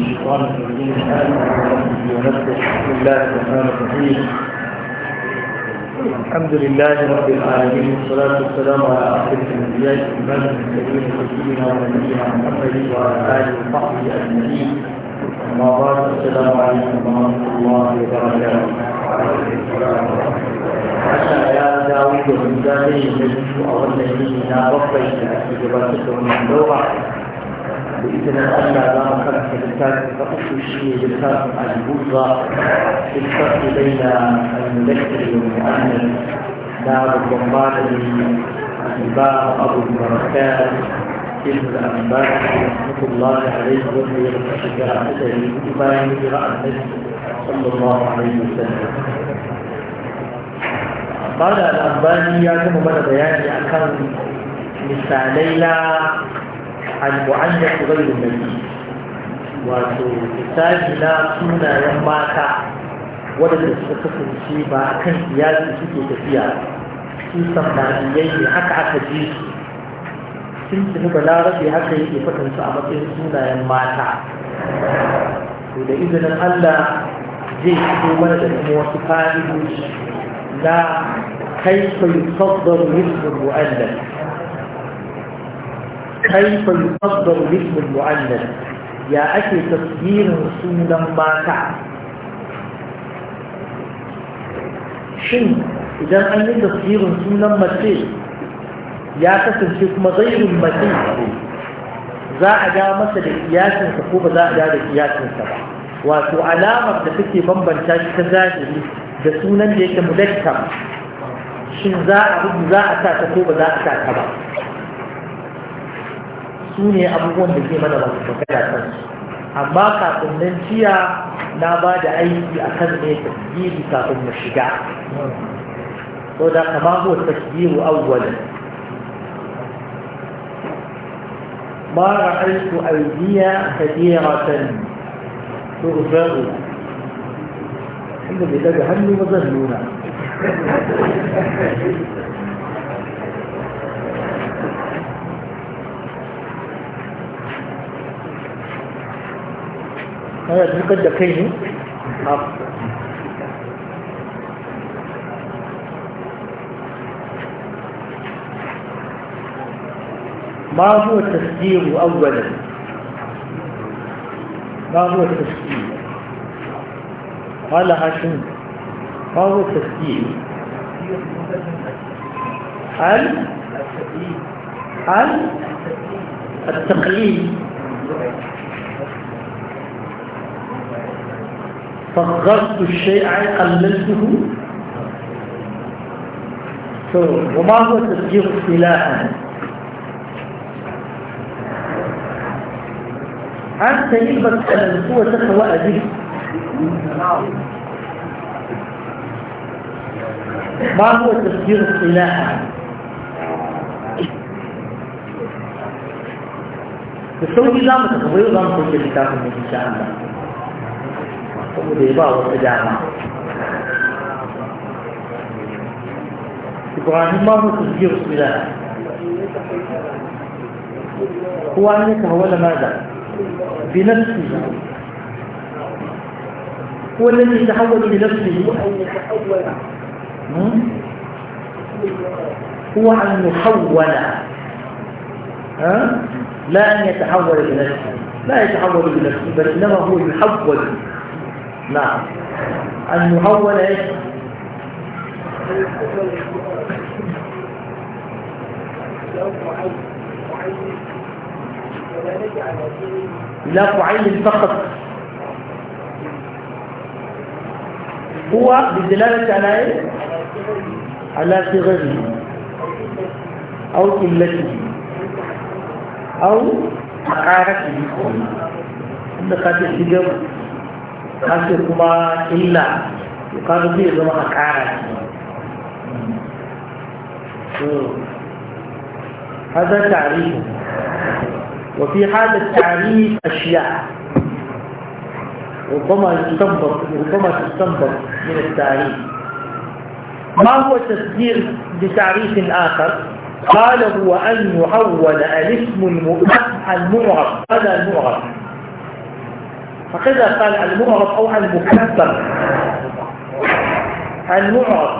الشيطان الرجيم بسم الله الرحمن الرحيم الحمد لله رب العالمين والصلاة والسلام على أحد الأنبياء وإمام المرسلين سيدنا ونبينا محمد وعلى آله وصحبه أجمعين أما بعد السلام عليكم ورحمة الله وبركاته عسى يا داوود ومن ذلك نجد أولا يجينا ربك أكيد بارك من بإذن الله لا مخلف بالتالي فقط الشيء بالتالي البوضة في الفرق بين المذكر والمؤمن دار الضمبار الباب أبو البركات ابن الأنباء رحمة الله عليه وهي قراءته بإبان قراءة صلى الله عليه وسلم قال الأنباني يا كما بدا بياني أكان مثالي لا المعنف غير النبي wato misali na sunayen mata waɗanda suka kasance ba kan iyali suke tafiya su samaniyai ne haka aka ji su sun tuni balarabe haka yake fatan su a matsayin sunayen mata to da izinin allah zai fito mana da kuma wasu fa'idoji na kaifa yufaddalu ismul mu'allaf كيف يصدر الاسم المؤنث يا أكي تصدير سونا ماتا شن إذا أن تصدير سونا متي يا كسر كما غير المتي za a ga masa da kiyasinsa ko ba za a ga da kiyasinsa ba wato alamar da take bambanta shi ta zahiri da sunan da yake shin za a rubu za a sa ta ko ba za a sa ba sune abubuwan da ke mana masu magana kan amma kafin nan jiya na ba da aiki a kan ne tasgiri kafin mu shiga so da kama huwa tasgiru awwalin ما رأيت أيديا كثيرة تغفر الحمد لله جهنم وظنونا ana dukar da kai ne ما هو التسجيل أولا ما هو التسجيل قال هاشم ما هو التسجيل هل هل التقليد صغرت الشيء قللته وما هو تصغير سلاحا أنت يلبس القوة تقوى أبيه ما هو تصغير السلاح بسوي لا متقوي ولا متقوي الكتاب إن شاء الله والبيضاء والقدامى إبراهيم ما هو تسجيل بسم الله هو أن يتهول ماذا بنفسه هو الذي يتحول بنفسه هو أن يحول لا أن يتحول بنفسه لا يتحول بنفسه بل إنما هو يحول نعم المهول ايش لا تعين فقط هو بالدلالة على ايه على صغره او قلته او حقارته عندك هذه تجربه kace kuma illa to kaga zai zama هذا تعريف وفي هذا التعريف أشياء ربما يستنبط ربما تستنبط من التعريف ما هو تفسير لتعريف آخر قال هو أن يعول الاسم المعرف هذا المعرف فقد قال المعرض أو المكبر المعرض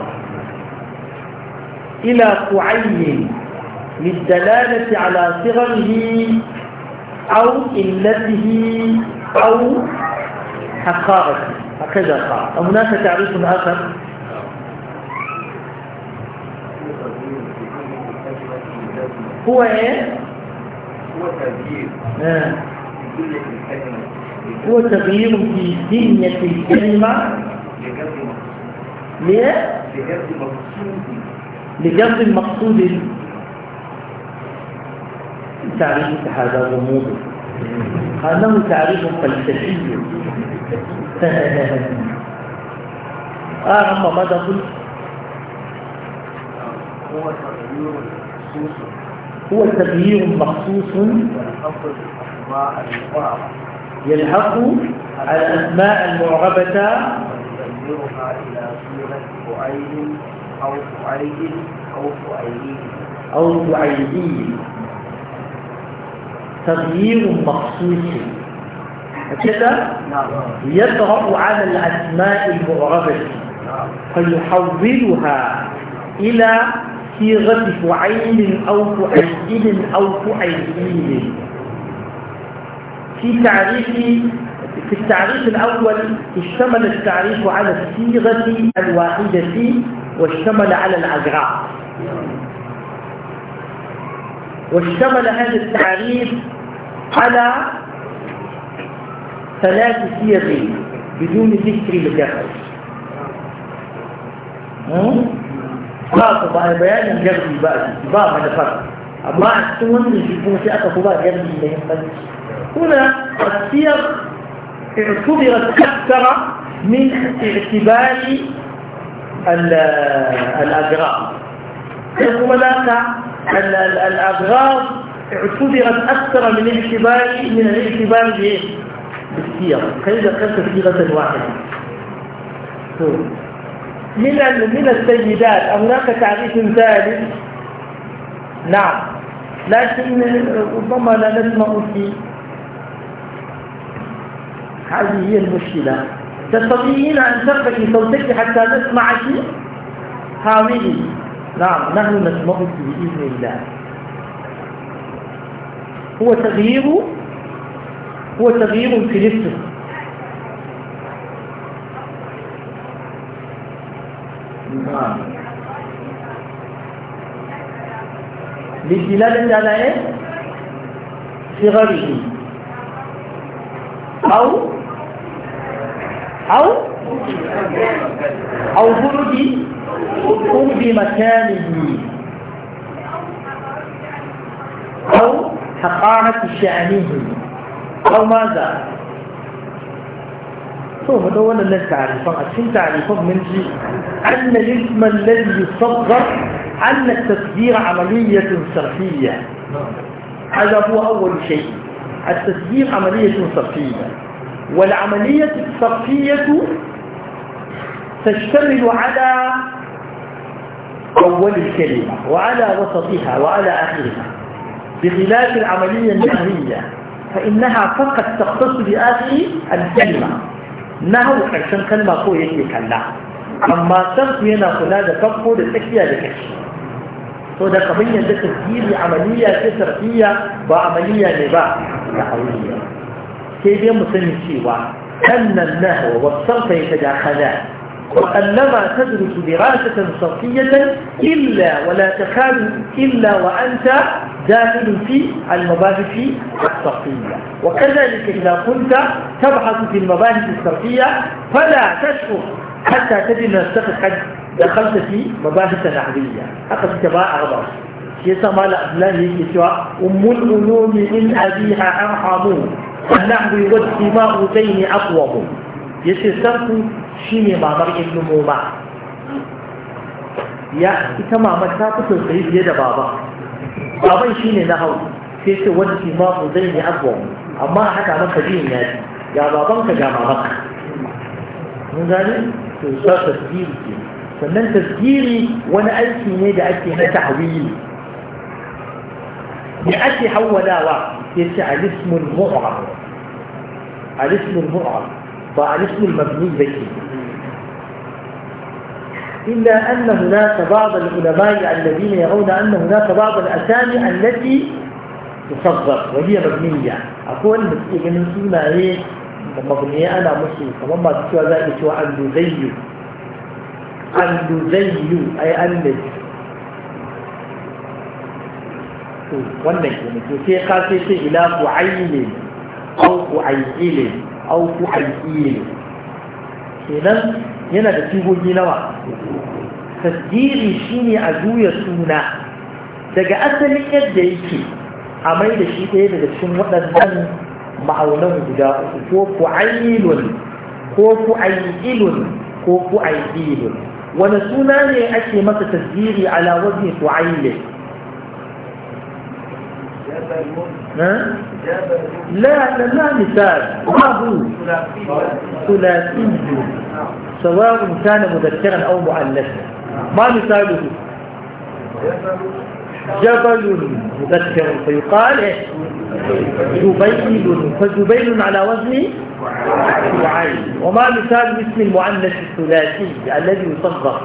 إلى قعي للدلالة على صغره أو قلته أو حقارته هكذا قال هناك تعريف آخر هو ايه هو تغيير آه. هو تغيير في دينية الكلمة لجرد المقصود تعريف هذا غموض هذا تعريف فلسفي أعظم آه، ماذا قلت هو تغيير مخصوص يلحق الأسماء المعربة ويبلغها إلى صيغة فعيل أو فعيل أو فعيلين أو تغيير مخصوص هكذا نعم. يطرأ على الأسماء المعربة فيحولها إلى صيغة فعيل أو فعيل أو فعيل في تعريف في التعريف الأول اشتمل التعريف على الصيغة الواحدة واشتمل على الأجراء واشتمل هذا التعريف على ثلاث صيغ بدون ذكر الجرح خاصة بيان الجرح بقى بقى ما نفرق أما أحسن من الجرح أتفضل جرح مهم هنا السير اعتبرت أكثر من اعتبار الأغراض ثم ذاك الأغراض اعتبرت أكثر من الاعتبار من الاعتبار بالسير فإذا كانت سيرة واحدة طيب. من من السيدات هناك تعريف ثالث نعم لكن ربما لا نسمع فيه هذه هي المشكلة تستطيعين أن ترفعي صوتك حتى شيء حاولي نعم نحن نسمع بإذن الله هو تغيير هو تغيير في نفسه نعم للدلالة على إيه؟ صغره أو أو أو برد قرب مكانه أو حقانة شأنه أو ماذا؟ ثم دون لنا تعريفان أشين تعريفان من جي أن الاسم الذي يصدر أن التصدير عملية صرفية هذا هو أول شيء التسجيل عملية صفية والعملية الصفية تشتمل على أول الكلمة وعلى وسطها وعلى آخرها بخلاف العملية النهرية فإنها فقط تختص بآخر الكلمة نهو عشان كلمة قوية كلا أما صرف هنا خلال فرقه التكية لكشف to da kamar yadda tasiri amaliya ce sarfiya ba amaliya ne ba da auliya sai dai mu sani cewa annan nahwa wa sarfa وأنما تدرس دراسة صرفية إلا ولا تكاد إلا وأنت داخل في المباحث الصرفية وكذلك إذا كنت تبحث في المباحث الصرفية فلا تشعر حتى تجد نفسك قد دخلت في مباحث نحوية أخذت كباء أربعة يسمى الأفلام يكتوى أم الأنوم إن أبيها أرحم النحو والدماء بين أقوم يسمى شيني بابر ابن موما يا إتما ما تاتت القريب يد بابا بابا شيني نحو كيف والدماء بين أقوم أما حتى ما تجيني يا يا بابا كجامعك من ذلك تسافر في الدين وسلم تذكيري وانا ألفي نيدي ألفي هنا تعويل بأتي حولا وقت يسعى الاسم اسم الاسم وعلى اسم المبني به إلا أن هناك بعض العلماء الذين يرون أن هناك بعض الأسامي التي تصدر وهي مبنية أقول مثل إيه مبنية أنا مسلم وما تشوى ذلك شوى أن al-luzayyu ay annabi to wannan ke nake sai ka sai sai ila ku'ayli au ku'ayli au ayyile kenan yana da sigogi nawa tasdiri shine a juya suna daga asalin yadda yake a mai da shi ɗaya daga cikin waɗannan ma'aunan guda uku ko ayyilun ko ku ayyilun ko ku ayyilun ونسونا لي ne مت masa على وجه فعيله لا لا لا مثال هو ثلاثي سواء كان مذكرا او مؤنثا ما مثاله جبل مذكر فيقال جبيل فجبيل على وزن فعيل وما مثال اسم المعنث الثلاثي الذي يصغر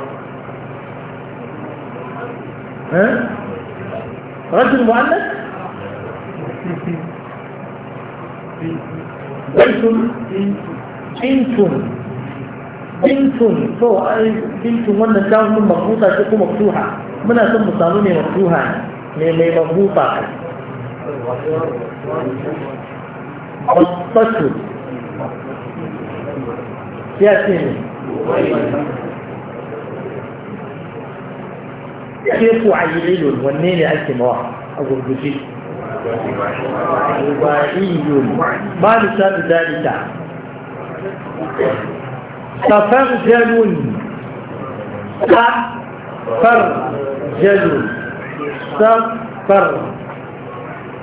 ها رجل مؤنث بيت بنت بنت تو بنت wannan ta mun mabuta ce ko maftuha muna son mu samu mai والطشر ياسين كيف عيليل والنين ألف واحد أو الجزيء رباعي ما نساب ذلك تفرجل تفرجل تفرجل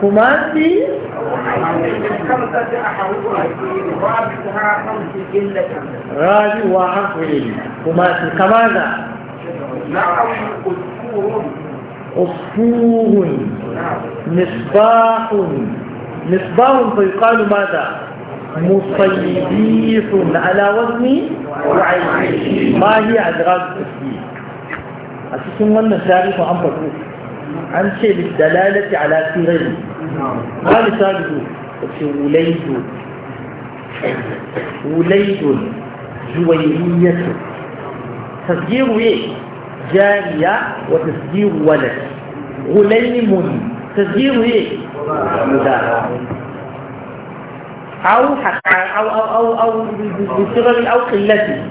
كوماندي راجي وعنف إلي كماذا أصفور مصباح مصباح فيقال ماذا مصيبيث على وزن ما هي أدراك التسبيح أساسا من التاريخ عن عن شيء بالدلالة على سيره ما ساجد وليد وليد جويرية تصدير ايه جارية وتصدير ولد غليم تصدير ايه مدارة أو حتى أو أو أو أو بصغر أو قلة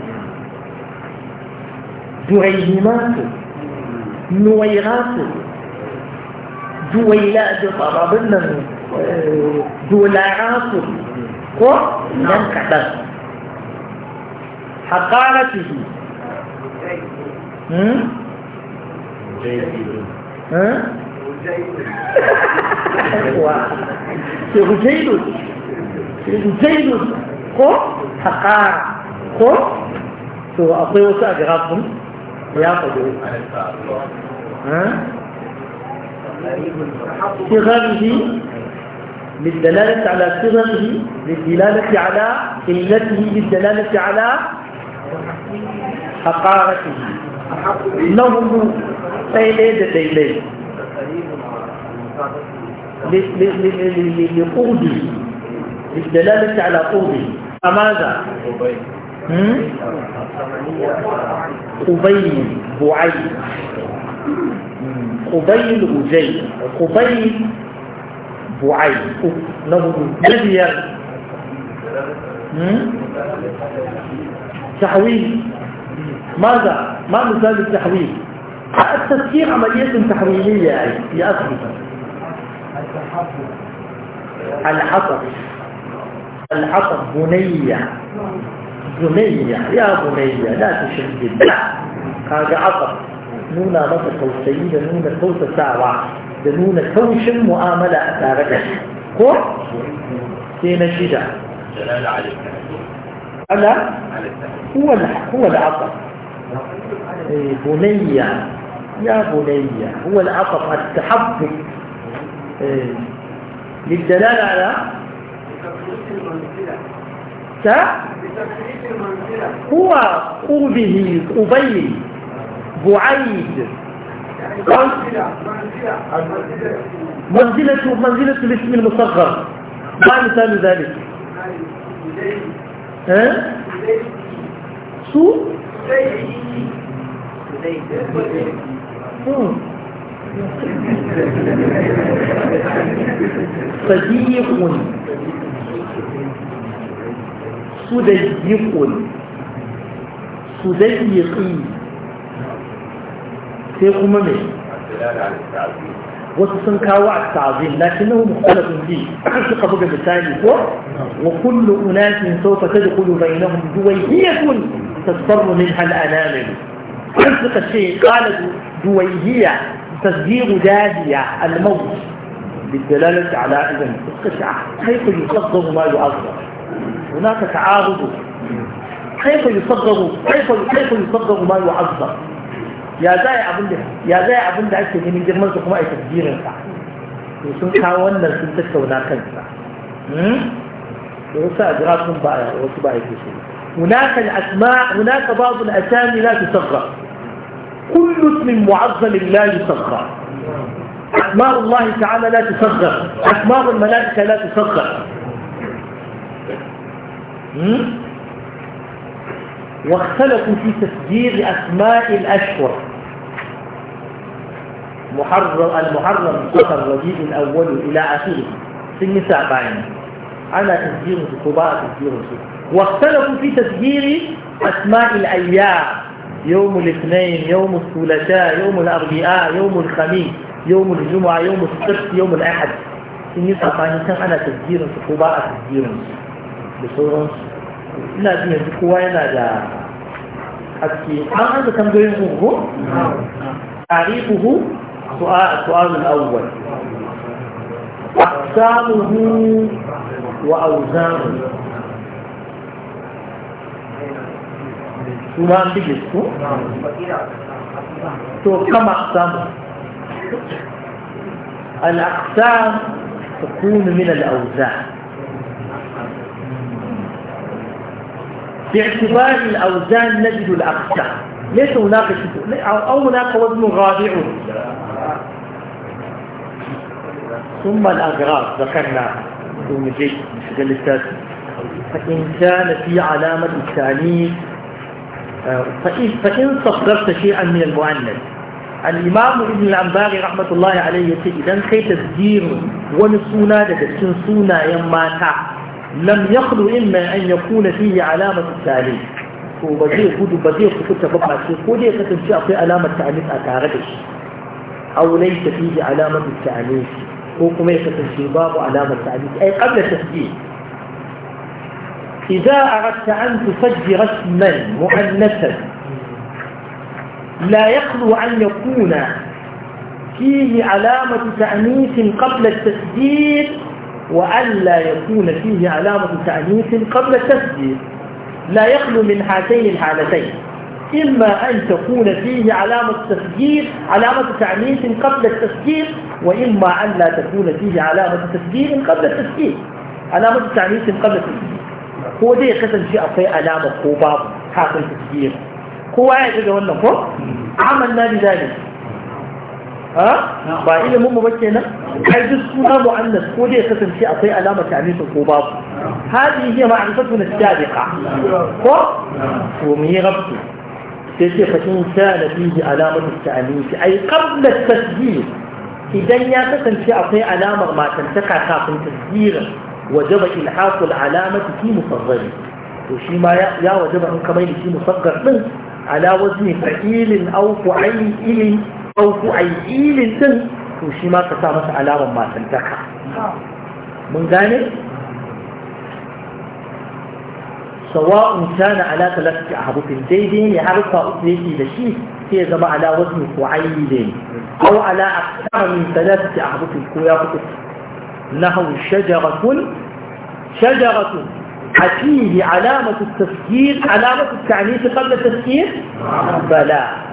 جريمات نويرات duwaila abin nan eh, dolara su ko nan kaɗan haƙara su su ke ko haƙara ko to akwai wasu a garafin ya faɗo hmm? صغره للدلالة على صغره للدلالة على قلته للدلالة على حقارته لونه تيليد تيليد لقوده للدلالة على قوده فماذا؟ أبي بعيد قبيل أجي قبيل بعيد له نبيا تحويل ماذا؟ ما مثال التحويل؟ التفكير عملية تحويلية يعني يا أخي العطف العطف بنية بنية يا بنية لا تشدد لا هذا عطف nuna masa tausayi da nuna tausasawa da nuna taushin mu'amala a tare da shi ko sai na shida ala huwa al'aqab bunayya ya bunayya huwa al'aqab at-tahabbub للدلالة على هو قربه قبيل بعيد منزلة منزلة الاسم المصغر ما مثال ذلك ها سو صديق صديق صديقي سيقوم منه وسن كاوع التعظيم لكنه مختلف فيه حسق بقب الثاني هو وكل أناس سوف تدخل بينهم دويهية تصبر منها الأنامل حسق الشيء قال دويهية تصديق دادية الموت بالدلالة على إذن تسقش حيث يصدر ما يؤثر هناك تعارض حيث يصدر حيث يصدر ما يعظم ya za a abin da ya za a abin da ake ganin girman su kuma a tafsirin sa to sun kawo wannan sun tattauna kansa to yasa jira sun ba wasu ba yake so هناك الأسماء هناك بعض الأسامي لا تصغر كل اسم معظم لا يصغر أسماء الله تعالى لا تصغر أسماء الملائكة لا تصغر واختلفوا في تسجيل أسماء الأشهر محرم المحرم سفر ربيع الأول إلى آخره سن سبعين على تسجيل الخطباء تسجيل واختلفوا في تسجيل أسماء الأيام يوم الاثنين يوم الثلاثاء يوم الأربعاء يوم الخميس يوم الجمعة يوم السبت يوم الأحد سن سبعين كان على تسجيل الخطباء تسجيل بصورة ina jin yanzu kowa yana da haske an an da tambayoyin uku tarihuhu su'alul awwal أقسامه وأوزانه ثم بجسكو تو كم أقسامه الأقسام تكون من الأوزان باعتبار الأوزان نجد الأقسام ليس هناك أو هناك وزن رابع ثم الأغراض ذكرنا دون جيد مشكل فإن كان في علامة الثاني فإن, صدرت شيئا من المؤنث الإمام ابن الأنباري رحمة الله عليه يقول إذا كي تسجير ونسونا لك سنسونا يماتا لم يخلو إما أن يكون فيه علامة التعليم وبزير قدو بزير كنت بقى شيء قولي كتنشي علامة التعليم أتعرفش أو ليس فيه علامة التعليم وكما في باب علامة التعليم أي قبل تسجيل إذا أردت أن تسجل اسما مؤنثا لا يخلو أن يكون فيه علامة تأنيث قبل التسجيل وألا يكون فيه علامة تأنيث قبل التسجيل لا يخلو من هاتين الحالتين إما أن تكون فيه علامة تسجيل علامة تعنيف قبل التسجيل وإما أن لا تكون فيه علامة تسجيل قبل التسجيل علامة تعنيف قبل التسجيل هو دي قسم شيء في علامة قباب حاصل تسجيل هو عايز يقول لكم عملنا بذلك ha ba ilimin mu bace nan kai duk suna mu'annas ko dai kasance akwai alama ta'anis ko babu hadi hiya ma'rifatu nasabiqa ko to mu yi rabtu sai ce fa in kana fihi alamatu ta'anis ai qabla tasjil idan ya kasance akwai alamar matantaka kafin tasjirin wajaba ilhaqul alamati fi musaghari to shi ma ya wajaba in kamar shi musaghar din ala wazni fa'ilin aw fa'ilin ɗauku a yi ilin ɗin to shi ma ka sa masa alamar matantaka mun gane sawa'un kana ala talaffi a harufin daidai ne harfa uku yake da shi sai zama ala wasu ko ne. ko ala aksara min talaffi a harufin ko ya kuɗi nahu shajaratun shajaratun حفيه علامة التسجيل علامة su kalla التسجيل Bala.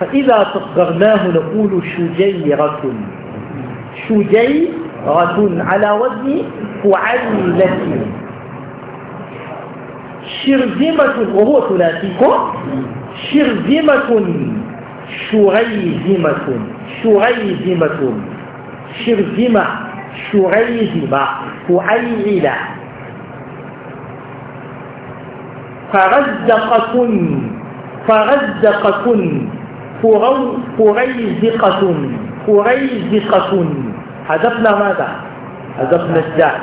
فإذا صغرناه نقول شجيرة شجيرة على وزن فعلة شرذمة وهو ثلاثيكم شرذمة شريزمة شريزمة شرذمة شريزمة فعيلة فرزقكن فرزقكن قريزقة قريزقة حذفنا ماذا؟ حذفنا الداء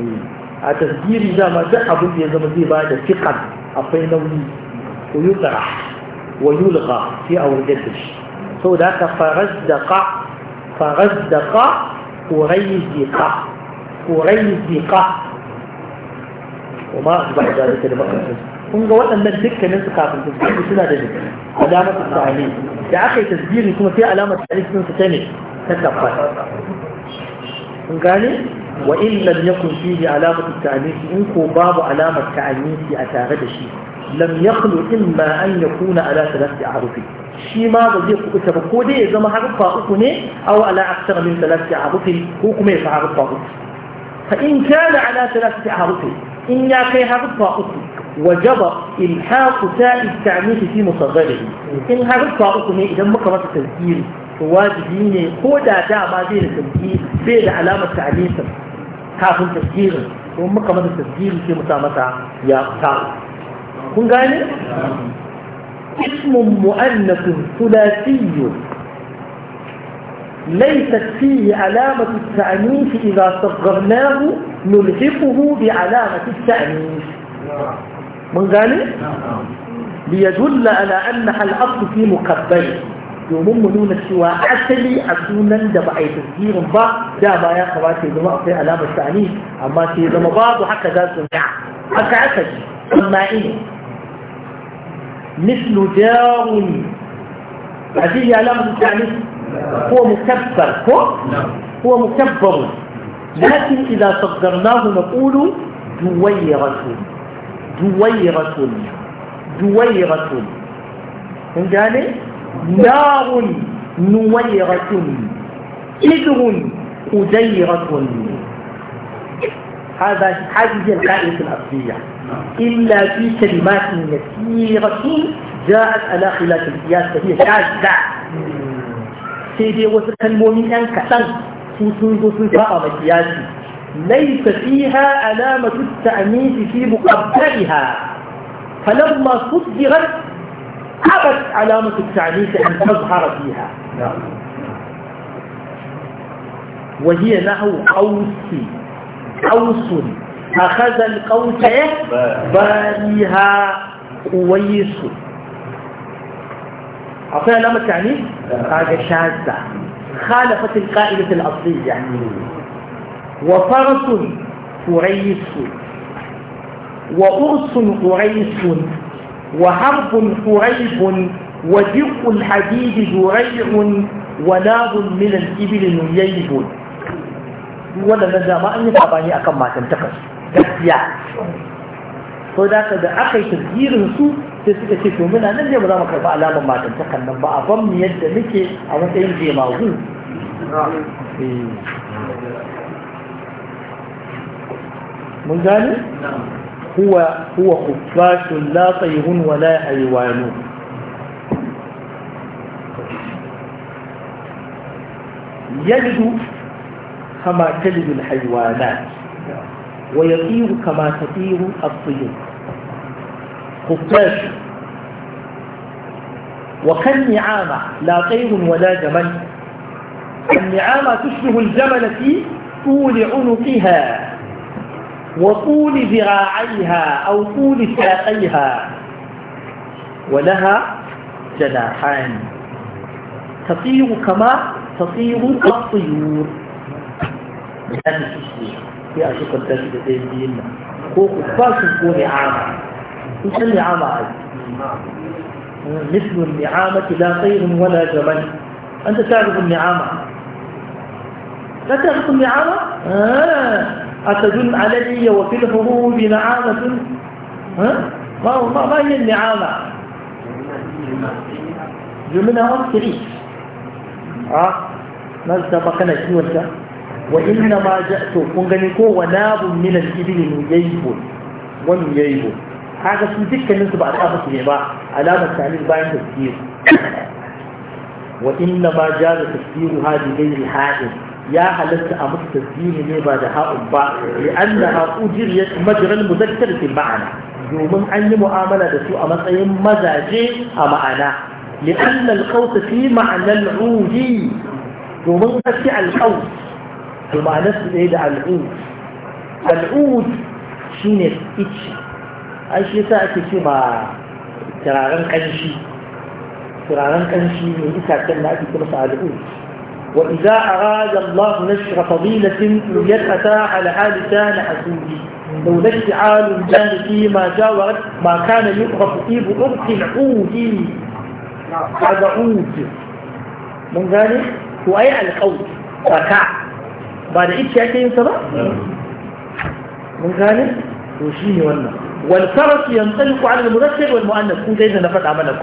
إيه. تسجيل إذا ما جاء أبو يزم إيه زي بعد ثقة أفين نولي ويطرح ويلغى في أول جدش سو ذاك فرزق فرزق وريزق وريزق وما أصبح ذلك لمقصد kun ga waɗannan dukkanin su kafin tasbiri suna da alamar ta'ali da aka yi tasbiri kuma sai alamar ta'ali sun su ta ne ta tabbata kun gane wa in lam yakun fihi alamatu ta'anis in ko babu alamar ta'anis a tare da shi lam yakhlu imma an yakuna ala thalathati ahrufi shi ma ba zai kubuta ba ko dai ya zama harfa uku ne aw ala akthar min thalathati ahrufi ko kuma ya fa harfa uku fa in kana ala thalathati ahrufi in ya kai harfa uku وجب الحاق تاء التعنيف في مصغره ان هذا الطارق ما اذا ما قرات التذكير واجبيني هو دا ما زي التذكير في علامه التعنيف حاف التذكير وما قرات التذكير في متامتا يا تاء كون غاني اسم مؤنث ثلاثي ليست فيه علامة التعنيف إذا صغرناه نلحقه بعلامة التأنيث من ذلك ليدل على أن الأصل في مقبل يومون دون سوى أصلي أسونا دبعي تذكير با دا ما يقوى سيدما في علامة الثاني أما في سيدما بعض حكا ذا سمع حكا اسد أما إيه مثل جار هذه علامة الثاني هو مكبر هو, هو مكبر لكن إذا صدرناه نقول دويرة duwairatun duwairatun kun gane narun nuwairatun idrun kudairatun هذا هذه القاعدة الأصلية إلا في كلمات يسيرة جاءت على خلاف القياس فهي شاذة سيدي وسكن مؤمن كتن سوسو سوسو فأمة قياسي ليس فيها علامة التأنيث في مقدرها فلما صدرت عبت علامة التأنيث أن تظهر فيها وهي نحو قوس قوس أخذ القوس إيه؟ باليها قويس أعطيها علامة تعنيف؟ نعم. حاجة شاذة خالفت القائلة الأصلية يعني وفرس قريس وأرس قريس وحرب قريب ودق الحديد ذريع وناب من الإبل نييب ولا نزا ما أني تباني أكم ما تنتقص دسيا فذاك إذا أخي تبدير نسو تسكتك منها نزي ولا مكرف ألاما ما تنتقل من بقى ضم يد مكي أو تنزي ما أقول من قال هو هو خفاش لا طير ولا حيوان يجد كما تلد الحيوانات ويطير كما تطير الطيور خفاش وكالنعامة لا طير ولا جمل النعامة تشبه الجمل في طول عنقها وطول ذراعيها أو طول ساقيها ولها جناحان تطير كما تطير الطيور كان تشتي في أشوف الدرس الدين دينا هو كفاش يكون عامة وش عامة مثل النعامة لا طير ولا جمل أنت تعرف النعامة لا تعرف النعامة؟ آه أتدل علي وفي الحروب نعامة ها؟ ما, ما, ما هي النعامة جملة أكثري آه ماذا سبقنا شنوة وإنما جئت كنغنيكو وناب من الإبل نجيب ونجيب هذا في ذكر نسبة بعد أخذ الإباء علامة تعليم باين تفكير وإنما جاز تفكير هذه غير الحائل ya halatta a musu tasbihi ne ba da ha'un ba li'annaha ujriyat majral muzakkar fi ma'ana domin an yi mu'amala da su a matsayin mazaje a ma'ana li'anna al-qawt fi ma'na al-udi domin kace al-qawt to ma'ana su ne da al-ud al-ud shine ichi ai shi yasa ake ce ma turaren kanshi turaren kanshi ne itacen da ake kuma sa al-ud وإذا أراد الله نشر فضيلة يتأتى على حال كان حسودي لولا اشتعال كان فيما جاورت ما كان يعرف في عرق العود هذا عود من ذلك هو أي القول فكع بعد إيش يأتي نعم. من ذلك وشيني ولا والفرس ينطلق على المذكر والمؤنث كو زي ما عملك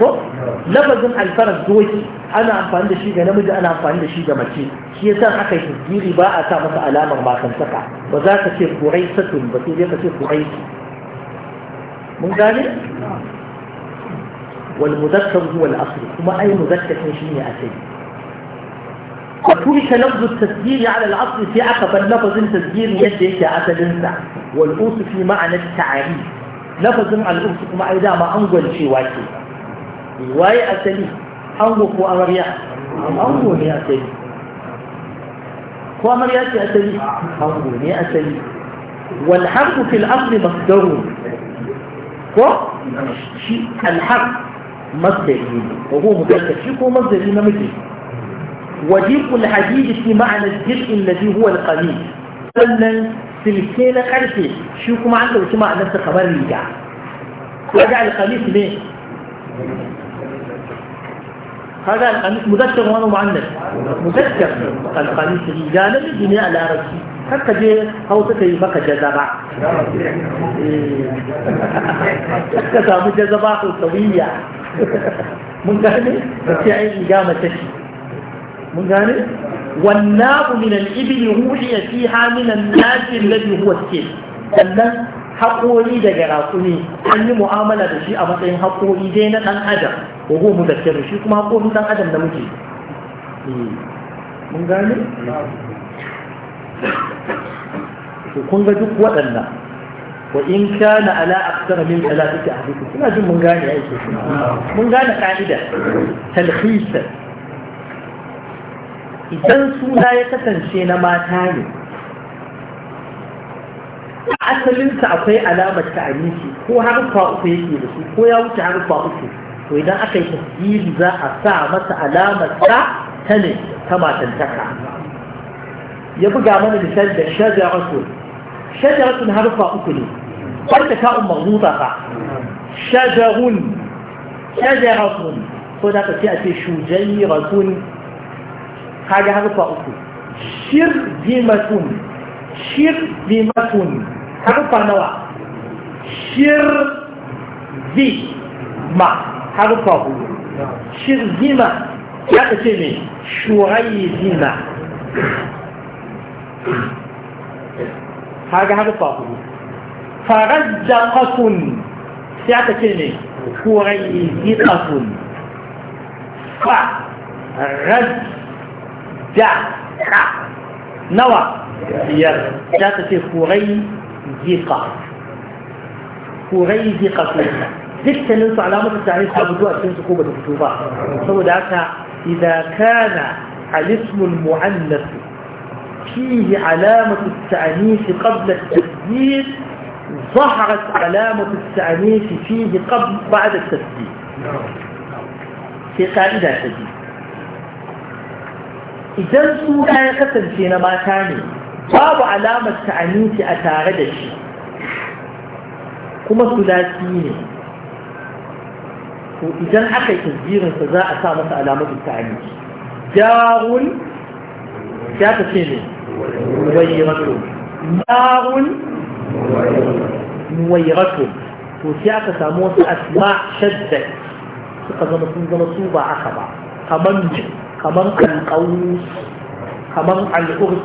لفظ الفرس دوي انا عم فهم شيء انا مد انا عم فهم شيء ما شيء شي حكى تذكيري با اتا مس علام كان سكا وذاك شيء قريصة بس هي كتي قريص من والمذكر هو الاصل وما اي مذكر شيء اساسي ترك لفظ التسجيل على يعني العصر في عقب لفظ تسجيل يديك أسدنسا والأوس في معنى التعريف لفظ الأوس مع إذا ما أنقل شيء واكي رواية أسلي أنقف وأمريا أنقل يا أسلي وأمريا أسلي أنقل يا أسلي والحق في الأصل مصدر الحق مصدر وهو مصدر شيء هو مصدر مصدر وضيق الحديد في معنى الجزء الذي هو القليل قلنا سلسلة خلفة شوكم عنده وشمع نفس خبر رجع رجع القميص ليه؟ هذا القميص مذكر وانا معنث مذكر القميص اللي قال لي بناء العربي حتى جاء هو تكي بقى جذبع كتاب جذبع قوية من قبل بس يعني جامع تشي مجاني والناب من الإبل روحي فيها من الناس الذي هو السيف سنن حقوري دا جراسوني أني معاملة شيء أما سين حقوري دينا أن أدم وهو مذكر شيء كما أقول أن أدم نمجي مجاني كن غدو قوة لنا وإن كان على أكثر من ثلاثة أحدث لازم جم مجاني أي شيء مجاني قاعدة تلخيصة idan suna ya kasance na mata ne a asalinsa akwai alamar ta aminci ko harfa uku yake da su ko ya wuce harfa uku to idan aka yi tasiri za a sa masa alamar ta ta ne ta matantaka ya buga mana misal da shajaratun shajaratun harfa uku ne farka ta umar zuta fa shajarun shajaratun ko da ka ce a ce shujairatun حاجة هنفع أصول شر بما تون شر بما تون هنفع نوع شر بي ما هنفع أصول شر بما يأتني شوعي بما حاجة هنفع أصول فرزقكم سيأتني شوعي بما فرزقكم جاء نوى جاءت في فوري زيقة فوري زيقة زيقة إذا كان الاسم المعنف فيه علامة التعنيف قبل التسديد ظهرت علامة التعنيف فيه قبل بعد التسديد في قائدة تسديد idan su ya kasance na mata ne babu alamar ta'anisi a tare da shi kuma sulasi ne to idan aka yi tasbirinsa za a sa masa alamar ta'anisi jarun ya ta ce ne wayyaratu jarun wayyaratu to sai aka samu wasu asma shadda suka zama sun zama su ba aka ba kamar mutum kamar alƙawu, kamar al'urs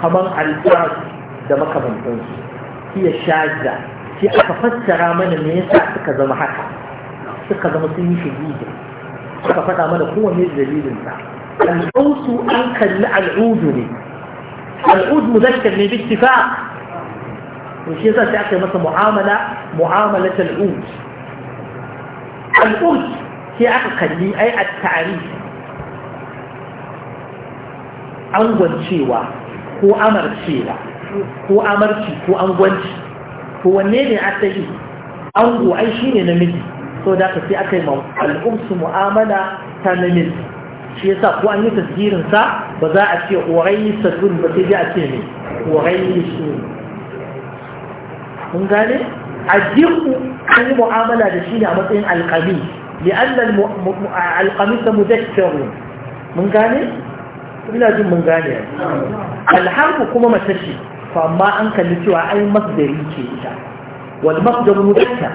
kamar al'urs da makamantansu ya shaza Shi aka fassara mana me yasa suka zama haka suka zama sun yi shigida suka faɗa mana kowane dalilinsa al'ausu an kalli al'udu ne al'udu muzakkar ne bittifaq to shi yasa sai aka yi masa mu'amala mu'amalat al'ud al'ud shi aka kalli ai at-ta'rif angwancewa ko amarcewa ko amarci ko angonci ko wanne ne aka yi ango ai shi ne namiji so da ka sai aka yi al'umsu mu'amala ta namiji shi yasa ko an yi tasgirin sa ba za a ce uraisatun ba sai dai a ce ne uraisu mun gane addiku an yi mu'amala da shi ne a matsayin alƙami li'anna alƙamisa mudakkar mun gane ina jin mun gane alharku kuma mace ce fa amma an kalli cewa ai masdari ce ita wal masdar mudakka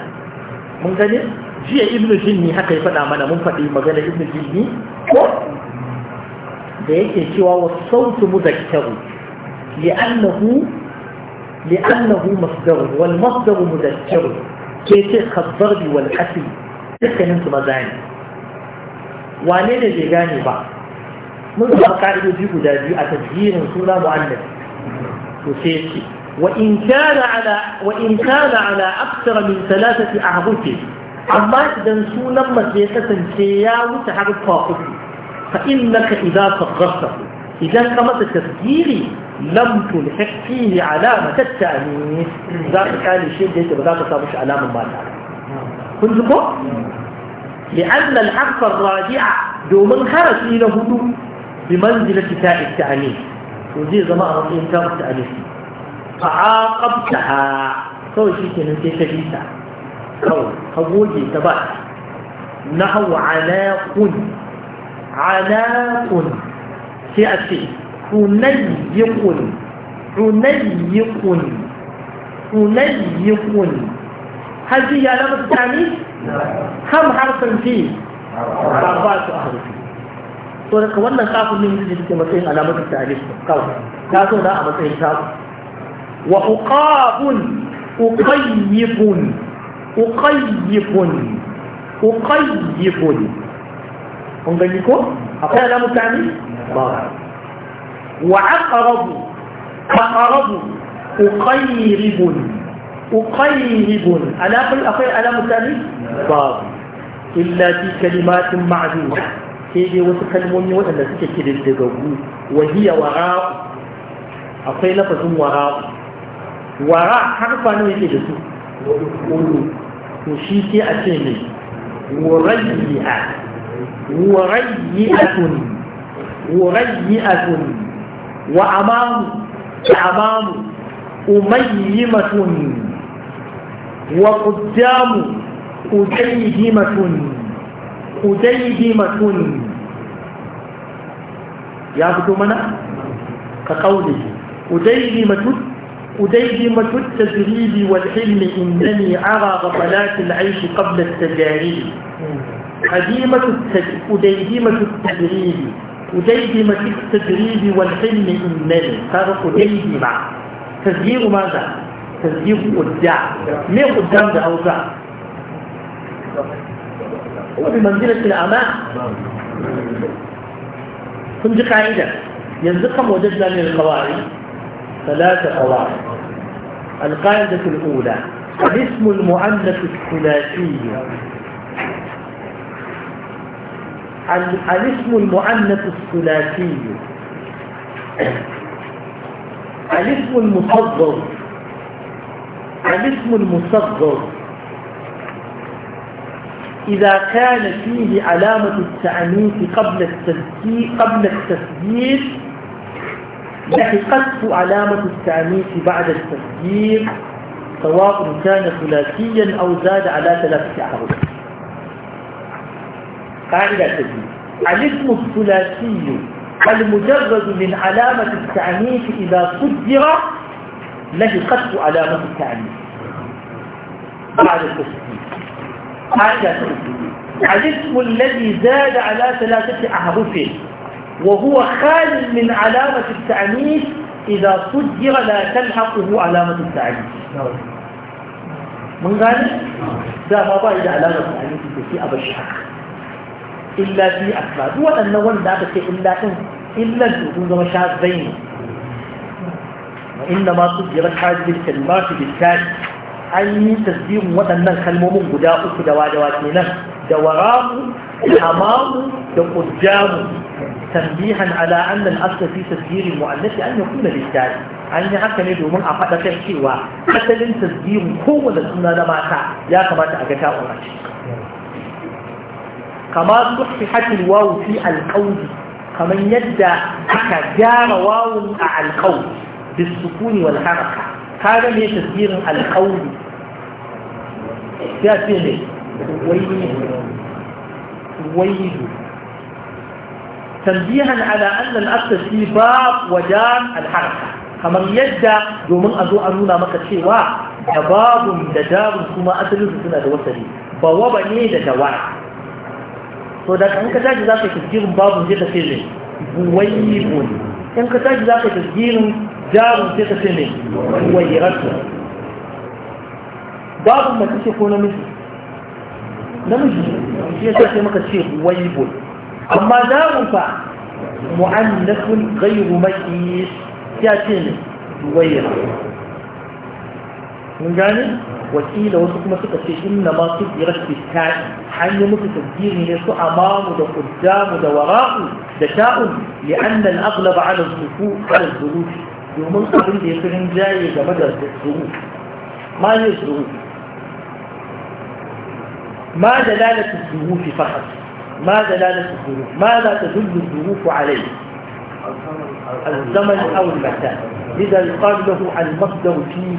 mun gane jiya ibnu jinni haka ya faɗa mana mun faɗi magana ibnu jinni ko da yake cewa wa sautu mudakkaru li'annahu li'annahu masdar wal masdar mudakkaru ke ce khabbar wal asli dukkanin su maza ne wane ne bai gane ba mun samu ka'idoji guda biyu a tajhirin suna to sai ce وإن كان على وإن كان على أكثر من ثلاثة أحرف أما إذا سونا مسيحة سياو تحرف فاقف فإنك إذا صغرته إذا كما تسجيري لم تلحق فيه علامة التأنيث ذاك كان الشيء ديت بذاك صابش علامة ما كنتم لأن الحرف الراجع دوم خرج إلى هدوء بمنزلة تاء التأنيث وزي زماء أرضين تاء التأنيث فعاقبتها سوى شيء كنت شديدة قول قولي تبع نحو عناق عناق سيأتي عنيق عنيق عنيق هل في علامة التأنيث؟ كم حرف فيه؟ أربعة أحرف to da wannan kafin ne yake suke matsayin alamatu tarihi alif kawai ta da a matsayin kafin wa uqabun uqayyibun uqayyibun uqayyibun kun gani ko akwai alamatu tarihi ba wa aqrabu aqrabu uqayyibun uqayyibun ala kulli akwai alamatu tarihi ba illa fi kalimatin ma'dudah sai wasu kalmomi waɗanda suke kididdigaggu wahiya wara akwai lafazin wara wara harfa ne yake da su wani to shi sai a ce ne wurayya warayyatun warayyatun wa amamu ta amamu umayyimatun wa quddamu qudayyimatun قديمة يا فتو منا كقوله قديمة قديمة التجريب والحلم إنني أرى غفلات العيش قبل التجاريب قديمة قديمة التجريب قديمة التجريب والحلم إنني هذا قديمة تسجيل ماذا؟ تسجيل قدام ما قدام ده هو بمنزلة الأعماء دي قاعدة ينزقهم وجدنا من القواعد ثلاثة قواعد القاعدة الأولى الاسم المؤنث الثلاثي الاسم المؤنث الثلاثي الاسم المصدر الاسم المصدر إذا كان فيه علامة التعنيف قبل التسجيل قبل التسجيل لحقته علامة التعنيف بعد التسجيل سواء كان ثلاثيا أو زاد على ثلاثة أحرف قاعدة تجديد الاسم الثلاثي المجرد من علامة التعنيف إذا صدر لحقته علامة التعنيف بعد التسجيل حاجة الاسم الذي زاد على ثلاثة أحرف وهو خال من علامة التعنيف إذا صدر لا تلحقه علامة التعنيف من قال لا ما بعد علامة التعنيف في الشيخ إلا في أسباب لا ولد إلا إن إلا الوجود مشاهد بينه وإنما صدر هذه بالكلمات بالتالي an yi tasbihin waɗannan kalmomin guda uku da wadawa kenan da waramu da hamamu da ƙudjamu tambihan ala annal asla fi tasbihin mu'annati an yakuna lillahi an yi haka ne domin a faɗa kan cewa asalin tasbihin kowane suna na mata ya kamata a ga ta umarci kama tuhfihatil wawu fi alqawli kamar yadda aka gyara wawun a alqawli بالسكون والحركة هذا من تسجير القول sai a ce ne ويل تنبيها على أن الأصل في باب وجام الحركة كما يدى دومن أزو أنونا مكا شيوا باب دجاب كما أسلوه سنة دوسري بوابا ني دجوار so da kan ka tashi zaka tasgirin babu sai ka ce ne buwayi in ka tashi zaka tasgirin jarun sai ka ce ne buwayi rasu بعض ما تشيخ هنا مثل لا مش هي شيخ ما كشيخ ويب أما نارفع معنف غير مكيس تأتين ويب من جاني وكيل وصف ما سكت شيء إن ما سكت يرش بالتاعي حاني من يسو أمام ودا قدام ودا وراء دا لأن الأغلب على الصفوف على الظروف يوم القبل يسرين جاي جمدر الظروف ما هي ما دلالة الظروف فقط ما دلالة الظروف ماذا تدل الظروف عليه الزمن أو المكان لذا يقال له المصدر فيه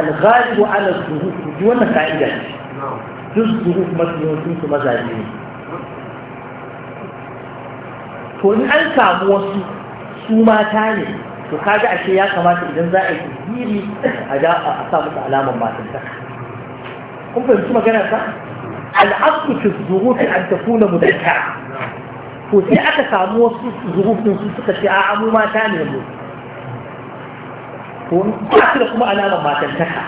الغالب على الظروف دون فائدة. جزء ظروف مسلمين مزاجين to in an samu wasu su mata ne to kaga ashe ya أصابت idan ما a kun fahimci magana ta al'abdu fi zurufi an takuna mudakkara to sai aka samu wasu zurufin su suka ce a'a mu mata ne mu to ba su da kuma alamar matantaka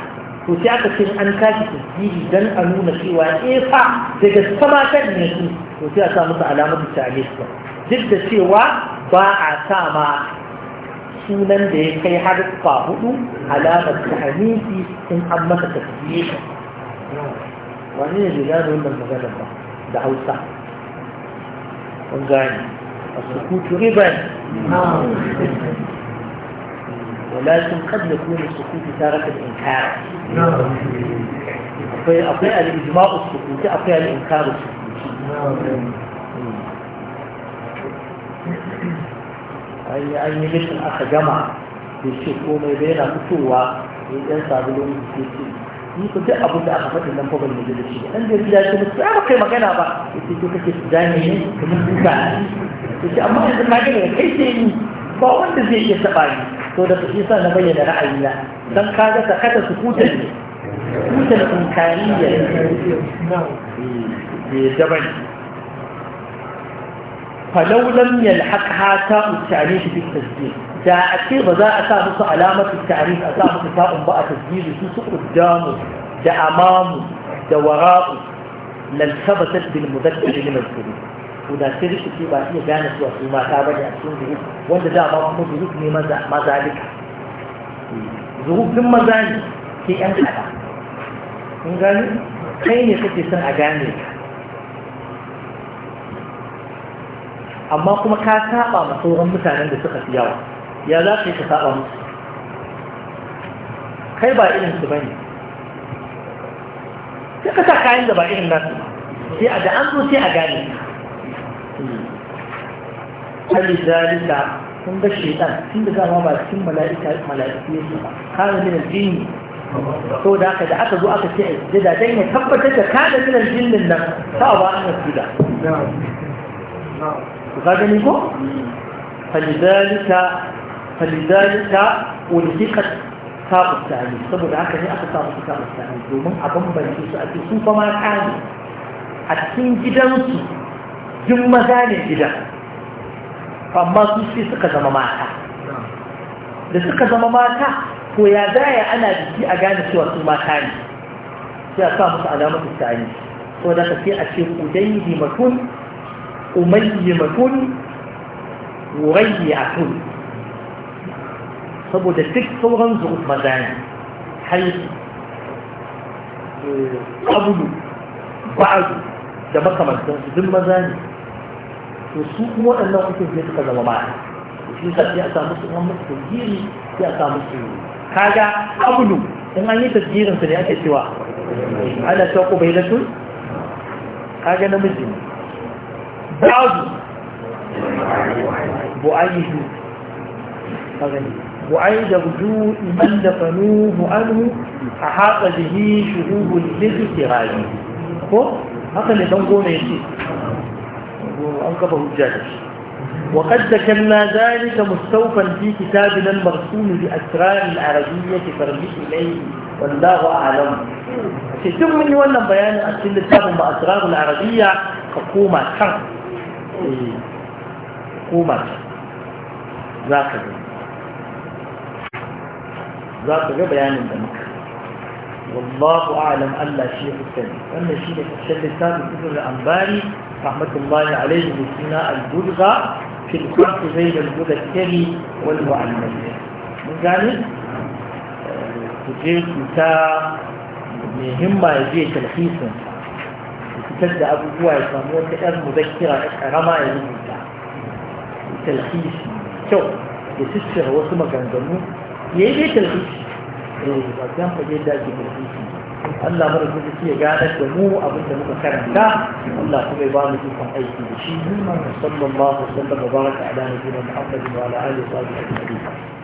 to sai aka ce an kashi tasiri dan a nuna cewa eh fa daga sama kan ne su to sai a sa musu alamar ta'alif duk da cewa ba a sa ma sunan da ya kai har ba hudu alamar ta ta'alifi in an masa tasiri amfani da riga da wannan magana ba da hausa kun ولكن قد يكون السكوت تارة الإنكار أقوى الإجماع السكوت أقوى الإنكار السكوت آه. أي أي مثل أخ جمع بيشوف قومي بينا فتوة يجلس عبدالون بيشوف ni ko duk abin da aka faɗi nan fa ban yi da shi dan da ya ce ba ba kai magana ba yace to kake su zane ne kamar duka yace amma yanzu na gane kai sai ni ba wanda zai iya taɓa ni to da shi sa na bayyana ra'ayina dan kaga ta kada su kuta ne kuta da kunkariya eh, ne da bane falau yalhaqha ta mutane shi bi tasdid da a ce ba za a sa musu alamatu ta'arif a sa musu ta'un ba a tasbihu su su ƙuddamu da amamu da wara'u lan thabatat bil mudakkar min al-qulub da sai rikici ba iya gane su su mata ba da cikin zuhuf wanda da ba mu zuhuf ne maza mazalika zuhuf din maza ne ke yan kada kun gani kai ne kake son a gane ka amma kuma ka saba ma sauran mutanen da suka fi yawa ya za ka yi ka saba musu kai ba irin su bane sai ka sa kayan da ba irin nasu sai a da an zo sai a gane hali zalika kun ga shaitan tun da zama ba cikin mala'ika mala'iku yake ba kana min aljini to da aka da aka zo aka ce da dan ya tabbatar da kana min aljinin nan ta ba an yi suda ka gani ko kalli فلذلك فلذلك ولحقت كتاب التعليم saboda haka ne aka samu kitab al-ta'lim domin a bambance su a ce sun fa mata ne a cikin gidansu duk maza ne gida amma su sai suka zama mata da suka zama mata ko ya zaya ana biki a gane cewa wasu mata ne sai a sa musu alamatu ta'lim saboda haka sai a ce udayyimatun umayyimatun wurayyatun saboda duk sauran zuruf maza ne hal abudu ba'adu da makamantansu duk maza ne to su kuma waɗannan hukun sai suka zama mata shi sa sai a samu su an musu tasiri sai a samu su kaga abudu in an yi tasirin su ne ake cewa ana cewa ko bai lasu kaga namiji ne ba'adu bu'ayyihu القبر وعند رجوع من دفنوه عنه أحاط به شعوب شهوب هو هذا اللي بنقول يسير وأنقبه الجالس وقد ذكرنا ذلك مستوفا في كتابنا المرسوم بأسرار العربية فرمي إليه والله أعلم ثم من يولى بيان أسئلة كتاب بأسرار العربية حكومة إيه. حكومة ذاكرة ذات ka ga bayanin والله أعلم ألا شيء الثاني وأن الشيء الثالث ابن الأنباري رحمة الله عليه بسناء البلغة في الفرق بين الثاني والمعنى من ذلك تجيب متاع مهمة يجي تلخيصا تجد ابو بوا يسمون كأن مذكره رمى يجي تلخيص شو يسسر وسمك عند ya yi dai ba zan faɗi yadda ake talbishi Allah mara kuma ya gane da mu abin da muka karanta Allah kuma ya ba mu ikon aiki da shi sallallahu ba wa sallam baraka ala nabiyina Muhammad wa ala alihi wa sahbihi ajma'in